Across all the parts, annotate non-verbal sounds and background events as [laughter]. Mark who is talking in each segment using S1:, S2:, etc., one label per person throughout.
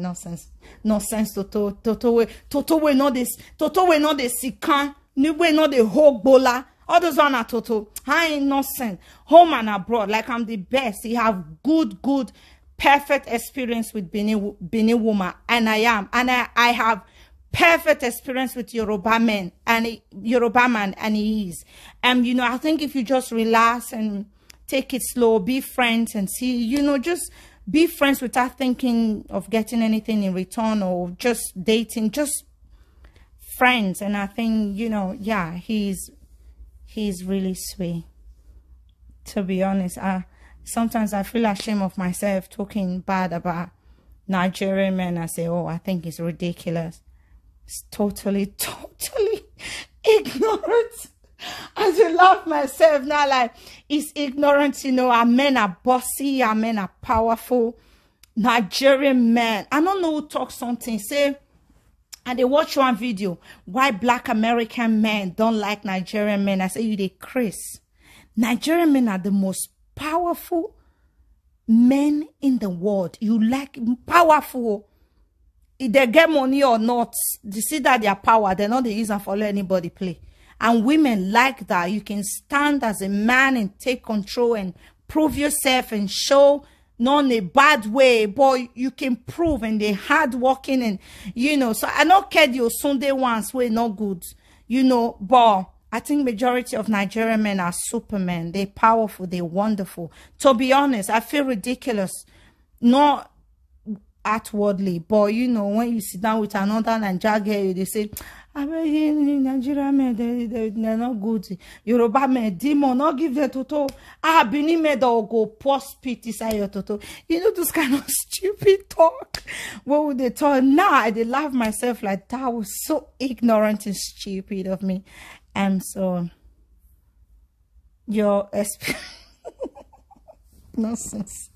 S1: Nonsense. Nonsense, Toto. Toto, we, Toto, we know this. Toto, we know the Sikan. We know the whole Bola. All those one are Toto. I ain't nonsense. Home and abroad, like I'm the best. You have good, good, perfect experience with Benin, Benin woman. And I am. And I, I have perfect experience with Yoruba men. And he, Yoruba man, and he is. And, you know, I think if you just relax and take it slow, be friends and see, you know, just be friends without thinking of getting anything in return or just dating, just friends. And I think, you know, yeah, he's, he's really sweet. To be honest, I, sometimes I feel ashamed of myself talking bad about Nigerian men. I say, oh, I think it's ridiculous. It's totally, [laughs] totally [laughs] ignorant. As I love myself now, like it's ignorance, you know. Our men are bossy, our men are powerful. Nigerian men. I don't know who talk something. Say and they watch one video why black American men don't like Nigerian men. I say you they Chris, Nigerian men are the most powerful men in the world. You like powerful. If they get money or not, they see that their power, they're not the reason for let anybody play. And women like that. You can stand as a man and take control and prove yourself and show not in a bad way, but you can prove and they hard working and you know. So I don't care your Sunday ones were not good, you know, but I think majority of Nigerian men are supermen. They're powerful, they're wonderful. To be honest, I feel ridiculous. Not outwardly, but you know, when you sit down with another Nigerian girl, they say, I mean, in Nigeria, men, they, they, are not good. Yoruba men, demon, not give them toto. Ah, Benin men, they'll go post spit inside your toto. You know, this kind of stupid talk. What would they talk? Now, I did laugh myself like that was so ignorant and stupid of me. I'm so, your experience, [laughs] nonsense.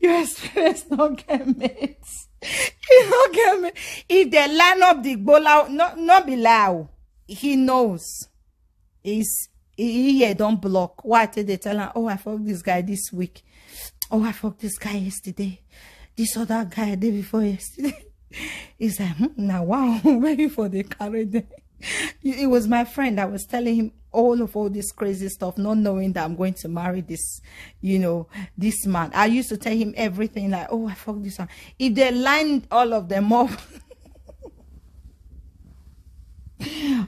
S1: Your experience not get mates you don't get me. If they line up the Igbola, not, not be loud. Oh. He knows. He's, he, he don't block. Why did they tell him, oh, I fucked this guy this week. Oh, I fucked this guy yesterday. This other guy day before yesterday. [laughs] He's like, hmm, now wow, [laughs] waiting for the carry day. [laughs] It was my friend. I was telling him all of all this crazy stuff, not knowing that I'm going to marry this, you know, this man. I used to tell him everything like, oh, I fuck this one. If they lined all of them up. [laughs]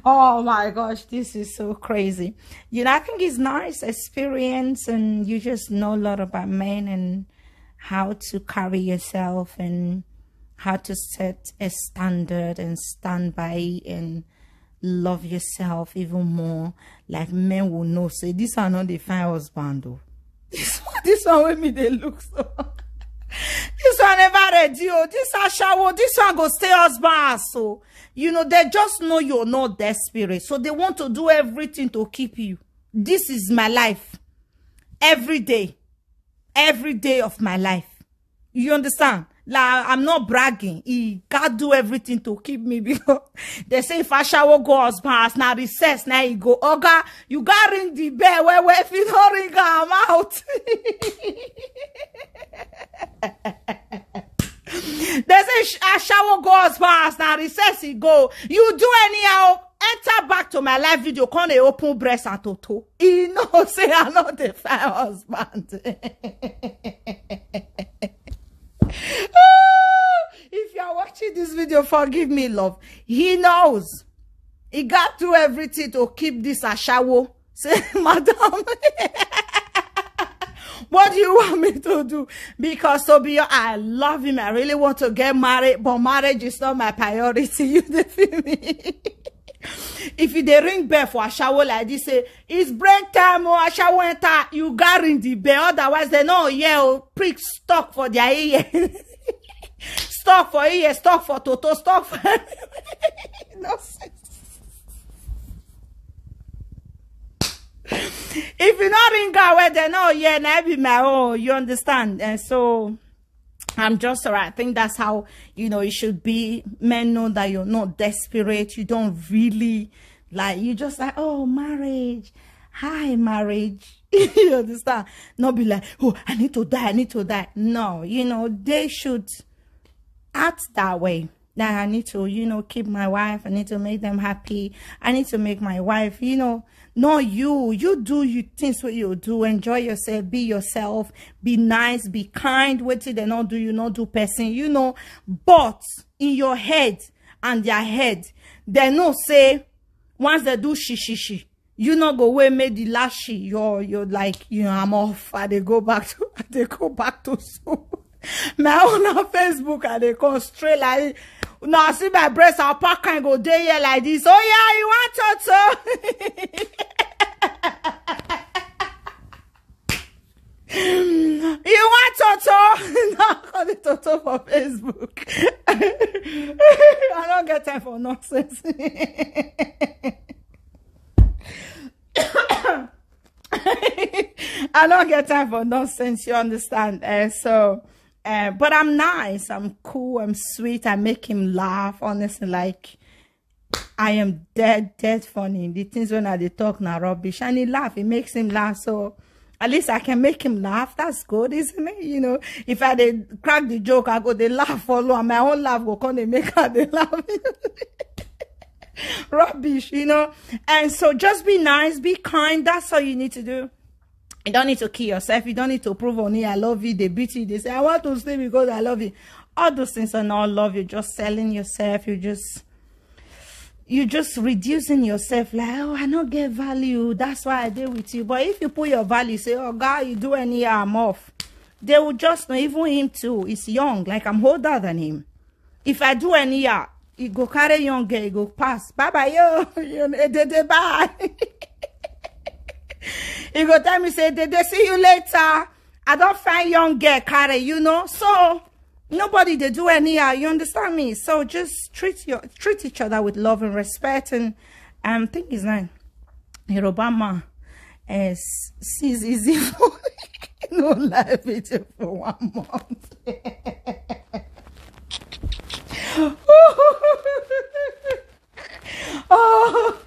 S1: oh my gosh, this is so crazy. You know, I think it's nice experience and you just know a lot about men and how to carry yourself and how to set a standard and stand by and love yourself even more like men will know say this are not the find husband o [laughs] this one this one with me they look so [laughs] This one never ready Oh, this dis shower. Oh. This one go stay husband so you know they just know you're not desperate so they want to do everything to keep you This is my life every day every day of my life you understand like i'm not bragging he can't do everything to keep me [laughs] because they say if I shower, go as as Now recess now he go Oh God, you gotta ring the bell well well if you don't ring I'm out [laughs] they say I shower, go as as Now recess he go you do anyhow enter back to my live video come dey open breast and toto he [laughs] know say I'm not the find husband. Ah, if you are watching this video, forgive me, love. He knows. He got through everything to keep this a shower. [laughs] Say, madam. [laughs] what do you want me to do? Because to be I love him. I really want to get married, but marriage is not my priority. [laughs] You defeat me? if you dey ring bell for ashawo like this say it's break time o ashawo enter you gats ring the bell otherwise dem no hear o prick stop for their ear [laughs] stop for ear stop for toto stop. for [laughs] no if you no ring am well dem no hear na e be my own you understand and so. I'm just alright. I think that's how you know it should be. Men know that you're not desperate. You don't really like. You just like, oh, marriage. Hi, marriage. [laughs] you understand? Not be like, oh, I need to die. I need to die. No, you know they should act that way that I need to, you know, keep my wife. I need to make them happy. I need to make my wife, you know, know you. You do you things what you do. Enjoy yourself. Be yourself. Be nice. Be kind. Wait till they not do you, not do person, you know. But in your head and their head, they no say, once they do she, she, she. You not go away, make the last You're, you're like, you know, I'm off. they go back to, they [laughs] go back to school. Mè ou nan Facebook and a dey like now. See my si mè bres apakan go day here like this. Oh yeah, you want toto? [laughs] you want toto? nan, kon dey toto for Facebook. [laughs] I don't get time for nonsense. [laughs] I don't get time for nonsense, you understand? Uh, so... Uh, but I'm nice. I'm cool. I'm sweet. I make him laugh. Honestly, like I am dead, dead funny. The things when I they talk now rubbish, and he laugh. It makes him laugh. So at least I can make him laugh. That's good, isn't it? You know, if I they crack the joke, I go they laugh follow, and my own laugh go come they make her [laughs] they laugh. rubbish, you know. And so just be nice, be kind. That's all you need to do. You don't need to kill yourself. You don't need to prove on I love you. They beat you. They say, I want to stay because I love you. All those things are not love. You're just selling yourself. You just you just reducing yourself like oh i don't get value that's why i deal with you but if you put your value say oh god you do any i'm off they will just know even him too he's young like i'm older than him if i do any year he go carry young girl he go pass [laughs] eh, bye bye yo bye [laughs] you go tell me say they, they see you later i don't find young girl carry you know so nobody they do anyhow uh, you understand me so just treat your treat each other with love and respect and um think his name Obama is sees easy [laughs] for no life for one month [laughs] oh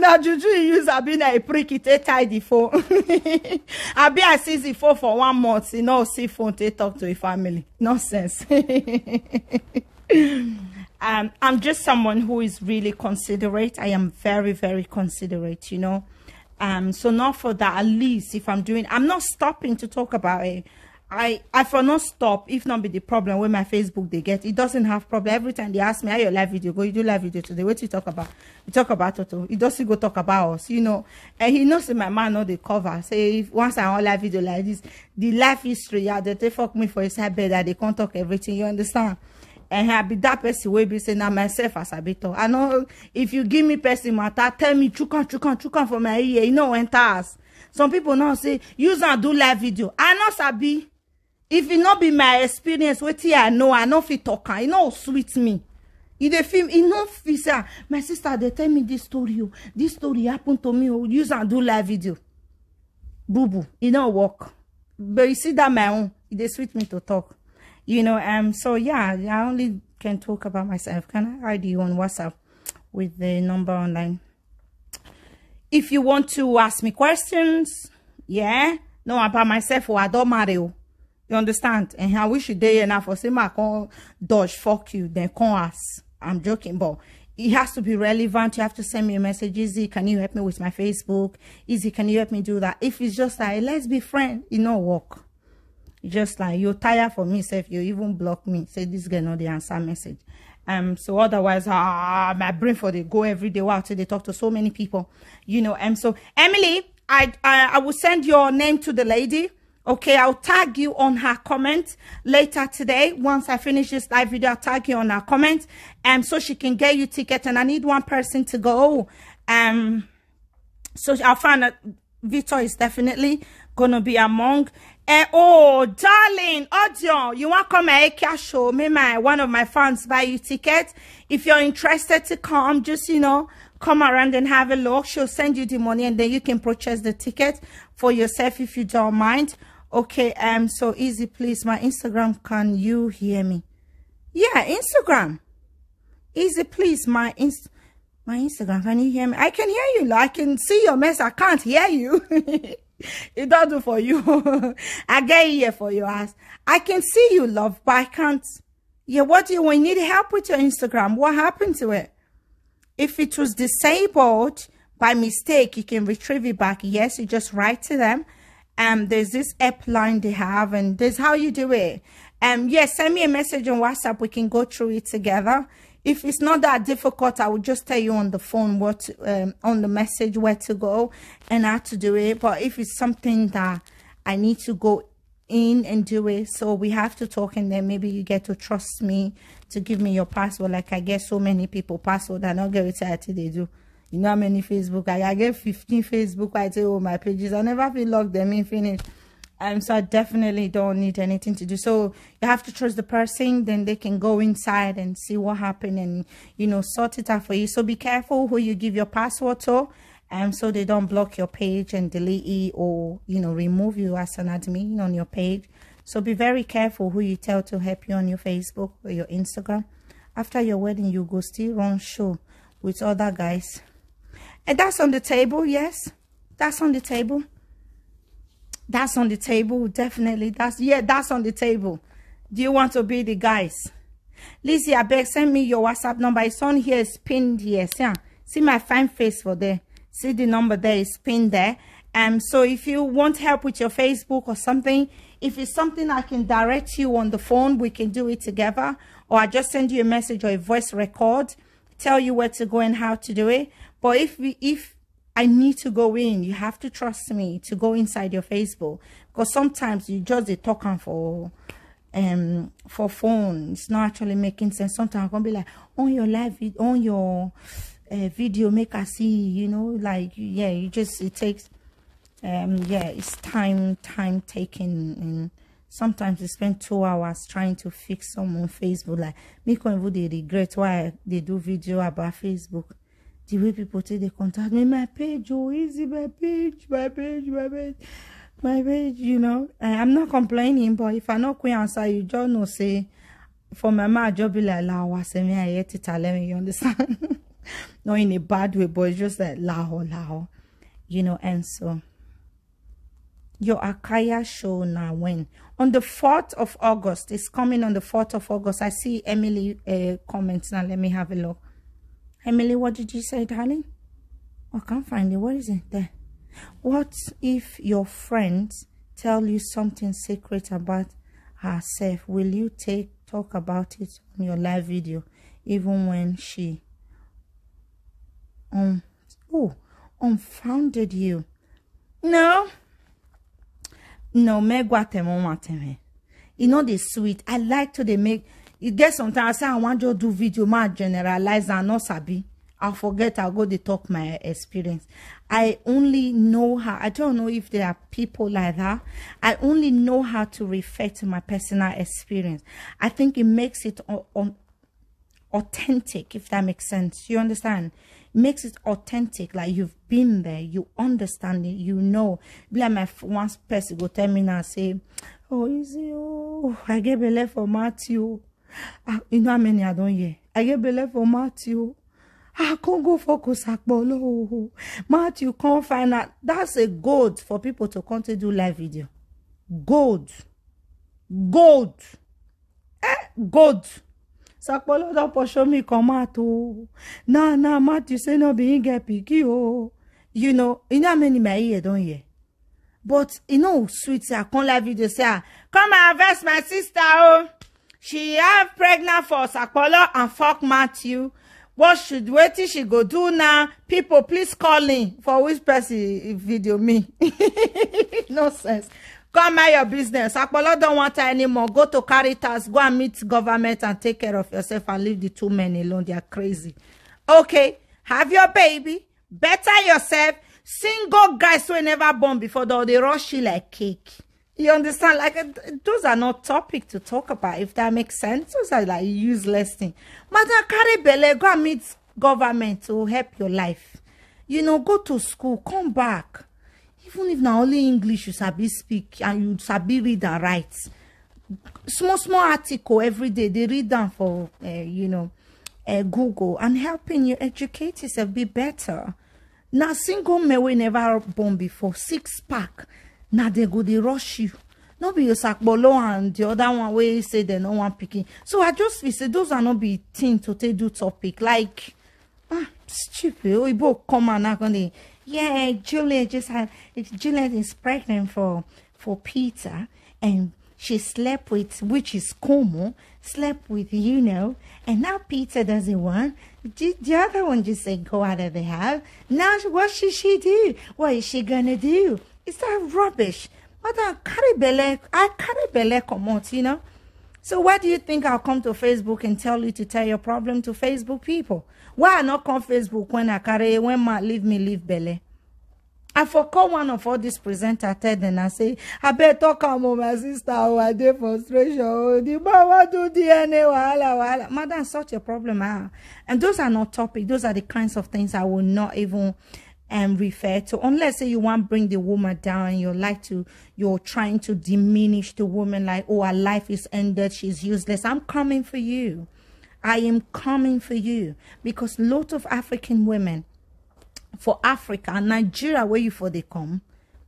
S1: na juju you use abi na prick it take eh, tie the phone abi i see the phone for one month You know, see phone to talk to e family nonsense [laughs] um i'm just someone who is really considerate i am very very considerate you know um so not for that at least if i'm doing i'm not stopping to talk about it I I for not stop if not be the problem when my Facebook they get. It doesn't have problem. Every time they ask me, how your live video go? You do live video today. What you talk about? You talk about Toto. He doesn't go talk about us, you know. And he knows my man know the cover. Say if once I on live video like this, the life history, yeah, they, they fuck me for his head that they can't talk everything. You understand? And I be that person will be saying now myself as a bit. I know if you give me person matter, tell me you chukan chukan for my ear, you know when task. Some people now say, use and do live video. I know Sabi if it not be my experience wetin i know i know fit talk You know, no sweet me e the film. enough no feel ah, my sister they tell me this story o oh. this story happen to me o oh. use am do live video boo boo don't work but you see that my own e sweet me to talk you know um so yeah i only can talk about myself can i add you on whatsapp with the number online if you want to ask me questions yeah no about myself or oh, i don't marry you you understand? And I wish you day now for say, I can dodge, fuck you, then call us. I'm joking, but it has to be relevant. You have to send me a message. Easy, can you help me with my Facebook? Easy, can you help me do that? If it's just like, let's be friends, it not work. Just like, you're tired for me, if you even block me. Say, this girl not the answer message. Um, so otherwise, ah, my brain for they go every day. Wow, till they talk to so many people, you know. And um, so Emily, I, I, I will send your name to the lady Okay, I'll tag you on her comment later today. Once I finish this live video, I'll tag you on her comment. Um, so she can get you ticket. And I need one person to go. Um, so I'll find that Vitor is definitely gonna be among. Uh, oh, darling, Odion, you want to come at eh, Ekia show? Me, my one of my fans buy you ticket. If you're interested to come, just you know, come around and have a look. She'll send you the money, and then you can purchase the ticket for yourself if you don't mind. Okay, um, so easy, please. My Instagram, can you hear me? Yeah, Instagram. Easy, please. My inst my Instagram, can you hear me? I can hear you. I can see your mess. I can't hear you. [laughs] it don't do for you. [laughs] I get here for your ass. I can see you, love, but I can't. Yeah, what do you we need help with your Instagram? What happened to it? If it was disabled by mistake, you can retrieve it back. Yes, you just write to them um, there's this app line they have, and there's how you do it. Um, yeah, send me a message on WhatsApp. We can go through it together. If it's not that difficult, I will just tell you on the phone what to, um, on the message where to go and how to do it. But if it's something that I need to go in and do it, so we have to talk, and then maybe you get to trust me to give me your password. Like I get so many people password, and I'll get it they do you know how many facebook i, I get 15 facebook i say oh my pages i never feel log them in finish um, so I definitely don't need anything to do. So you have to trust the person, then they can go inside and see what happened and, you know, sort it out for you. So be careful who you give your password to um, so they don't block your page and delete it or, you know, remove you as an admin on your page. So be very careful who you tell to help you on your Facebook or your Instagram. After your wedding, you go still run show with other guys and that's on the table, yes. That's on the table. That's on the table, definitely. That's Yeah, that's on the table. Do you want to be the guys? Lizzie, I beg, send me your WhatsApp number. It's on here, it's pinned here. See, ah, see my fine face for there. See the number there is pinned there. Um, so if you want help with your Facebook or something, if it's something I can direct you on the phone, we can do it together. Or I just send you a message or a voice record, tell you where to go and how to do it. But if we, if I need to go in, you have to trust me to go inside your Facebook because sometimes you just a talking for um for phone. It's not actually making sense. Sometimes I'm gonna be like on your live on your uh, video make I see you know like yeah you just it takes um yeah it's time time taking and sometimes you spend two hours trying to fix someone Facebook like me even they regret why they do video about Facebook the way people take they contact me, my page, oh, easy, my page, my page, my page, my page, you know. And I'm not complaining, but if I not quit answer, you just know, say, for my mom, just be like, la, wa, say me, I hate it, let me, you understand? [laughs] not in a bad way, but it's just like, Lao, Lao, you know, and so. Your Akaya show now when? On the 4th of August. It's coming on the 4th of August. I see Emily uh, comments now. Let me have a look. Emily, what did you say, darling? I can't find it. What is it? There. What if your friends tell you something secret about herself? Will you take talk about it on your live video, even when she um oh unfounded you? No. No, me guatemon You know the sweet. I like to they make it gets sometimes say i want to do video ma generalize and not sabi i forget i go to talk my experience i only know how i don't know if there are people like that i only know how to refer to my personal experience i think it makes it on authentic if that makes sense you understand it makes it authentic like you've been there you understand it you know like my once person go tell me now say oh easy oh i get belay for matthew you know how many I don hear I get believe for Matthew I can't go for Kosakpolo Matthew can't find out that's a gold for people to come to do live video gold gold eh gold Sakpolo don't pursue me come out oh nah nah Matthew say no be him get picky. oh you know you know how many my ear don hear but you know sweet I can't live video say ah, come and harvest my sister oh she have pregnant for sapolo and fok matthew what should wetin she go do now people please call in for which person video me [laughs] no sense come mind your business sapolo don want her anymore go to caritas go and meet government and take care of yourself and leave the two men alone they are crazy okay have your baby better yourself single guys wey never born before though dey rush you like cake You understand? Like uh, those are not topic to talk about. If that makes sense, those are like useless thing. Madam, carry belle, go and meet government to help your life. You know, go to school, come back. Even if not only English you sabi speak and you sabi read and write. Small small article every day they read them for uh, you know uh, Google and helping you educate yourself be better. Now single may we never born before six pack. Now they go they rush you no be osakpolo and the other one wey say they no one picking. so i just we say those are not be thing to take do topic like ah stupid both come and now going to. yeah juliet just had juliet is pregnant for for peter and she slept with which is como slept with you know and now peter doesn't want the, the other one just said go out of the house now what should she do what is she gonna do it's that rubbish. Mother, carry belle. I carry belle comot, you know. So why do you think I'll come to Facebook and tell you to tell your problem to Facebook people? Why I not come Facebook when I carry when my leave me leave belle? I forgot one of all these presenters tell and I say, I better talk about my sister or I did frustration. Oh, the want do DNA, wahala, wahala. Mother, such a problem. Ah. And those are not topic. Those are the kinds of things I will not even and refer to unless say you want to bring the woman down you like to you're trying to diminish the woman like oh her life is ended she's useless i'm coming for you i am coming for you because lot of african women for africa and nigeria where you for they come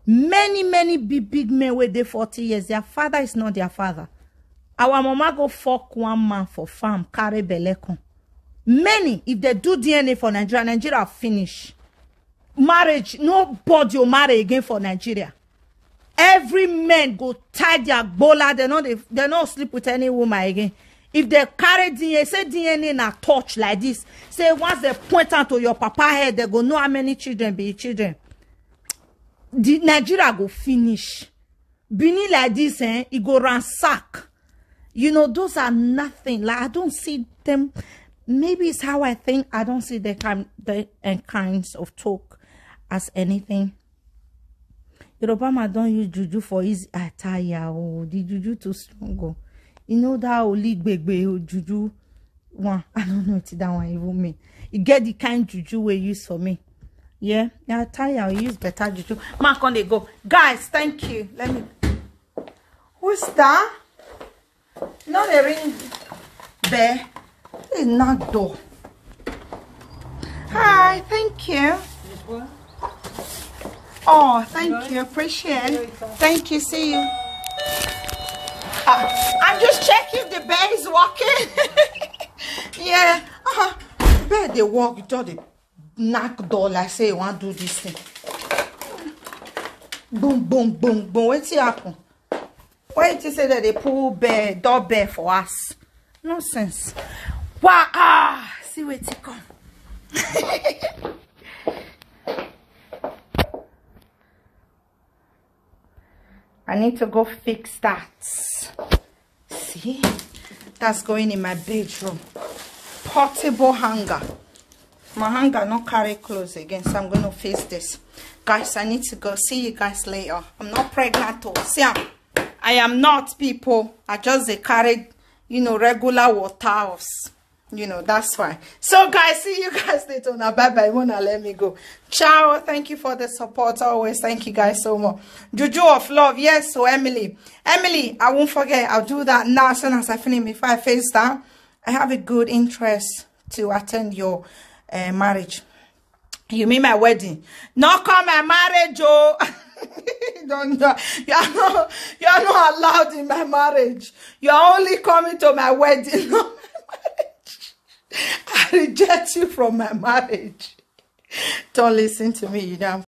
S1: many many big big men where they 40 years their father is not their father our mama go fuck one man for farm carry beleko. many if they do dna for nigeria nigeria finish marriage nobody will marry again for nigeria every man go tie their gbola They no They dem sleep with any woman again if they carry dna say dna a touch like this say once they point out to your papa head they go know how many children be children the nigeria go finish benin like this eh It go ransack you know those are nothing like i don't see them maybe it's how i think i don't see the kind the kinds of talk as anything. Yoruba man don use juju for his attire oh the juju too strong oh you know that oligbegbe oh juju one [laughs] i don't know what that one even mean e get the kind juju we use for me yeah na attire we use better juju Mark on dey go guys thank you let me who's that no dey ring bell it's not door hi thank you. Oh, thank you. Appreciate Thank you. See you. Uh, I'm just checking the bed is working. [laughs] yeah. Uh, -huh. bed they work. You thought the knock door like say you want to do this thing. Boom, boom, boom, boom. What's happen? Why did you say that they pull bed, bear for us? Nonsense. Wow. Ah, see where it come. [laughs] I need to go fix that. See? That's going in my bedroom. Portable hanger. My hanger not carry clothes again, so I'm going to fix this. Guys, I need to go. See you guys later. I'm not pregnant. Though. See, I'm, I am not, people. I just they carry, you know, regular water you know that's fine so guys see you guys [laughs] later now bye bye wanna let me go ciao thank you for the support always thank you guys so much juju of love yes so emily emily i won't forget i'll do that now as soon as i finish before i face down i have a good interest to attend your uh, marriage you mean my wedding not come my marriage oh don't [laughs] know. You are not you are not allowed in my marriage. You are only coming to my wedding. [laughs] [laughs] I reject you from my marriage. Don't listen to me, you know.